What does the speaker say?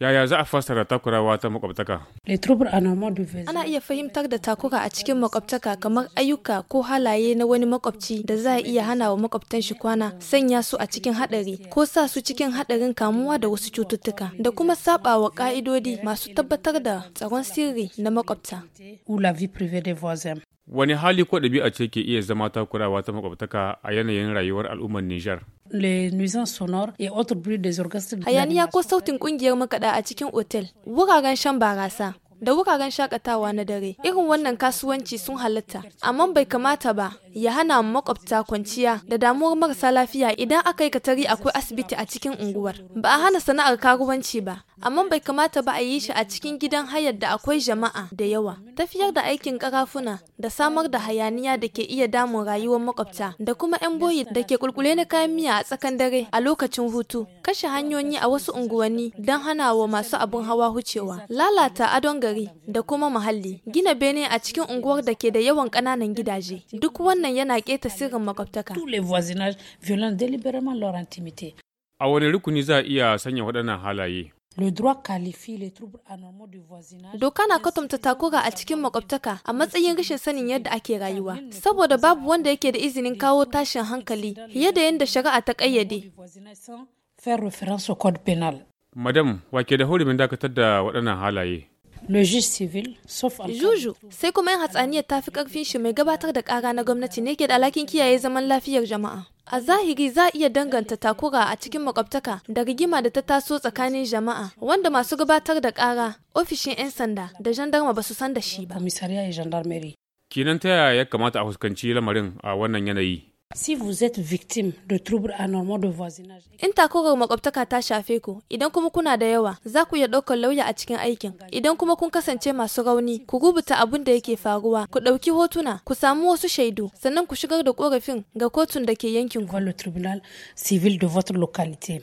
Yaya za a fassara takurawa ta makwabtaka? Ana iya fahimtar da takura a cikin makwabtaka kamar ayyuka ko halaye na wani makwabci da za a iya hana wa makwabtan shi kwana, sanya su a cikin haɗari ko sa su cikin haɗarin kamuwa da wasu cututtuka da kuma saba wa ƙa'idodi masu tabbatar da tsaron sirri na makwabta. Wani hali ko ɗabi'a ce ke iya zama takurawa ta makwabtaka a yanayin rayuwar al'ummar Nijar? Hayaniya ko sautin kungiyar makaɗa a cikin otel, wuraren shan barasa, da wuraren shakatawa na dare irin wannan kasuwanci sun halatta amma bai kamata ba ya hana mu makwabta kwanciya da damuwar marasa lafiya idan aka yi katari akwai asibiti a cikin unguwar. Ba a hana sana'ar karuwanci ba, amma bai kamata ba a yi shi a cikin gidan hayar da akwai jama'a da yawa. Tafiyar da aikin karafuna da samar da hayaniya da ke iya damun rayuwar makwabta da kuma 'yan boyi da ke kulkule na kayan miya a tsakan dare a lokacin hutu. Kashe hanyoyi a wasu unguwanni don hana wa masu abin hawa hucewa. Lalata adon gari da kuma muhalli. Gina bene a cikin unguwar da ke da yawan ƙananan gidaje. Duk wannan wannan yana keta sirrin makwabtaka. A wani rukuni za a iya sanya waɗannan halaye? Le droit de Doka na kwatanta takura a cikin makwabtaka a matsayin rashin sanin yadda ake rayuwa, saboda babu wanda yake da izinin kawo tashin hankali fiye da yadda shari'a ta kayyade. Madam, wake da hurumin dakatar da waɗannan halaye? le juge civil sauf juju sai kuma yin hatsaniyar ta fi karfin shi mai gabatar da kara na gwamnati ne ke da alakin kiyaye zaman lafiyar jama'a a zahiri za a iya danganta takura a cikin makwabtaka da rigima da ta taso tsakanin jama'a wanda masu gabatar da kara ofishin 'yan sanda da jandarma ba su san da shi ba kenan ta yaya ya kamata a fuskanci lamarin a wannan yanayi Si vous êtes victime de troubles anormaux de voisinage. In takurar makwabtaka ta shafe ku, idan kuma kuna da yawa, za ku iya ɗaukar lauya a cikin aikin. Idan kuma kun kasance masu rauni, ku rubuta abin da yake faruwa, ku ɗauki hotuna, ku samu wasu shaidu, sannan ku shigar da korafin ga kotun da ke yankin ku. tribunal civil de votre localité.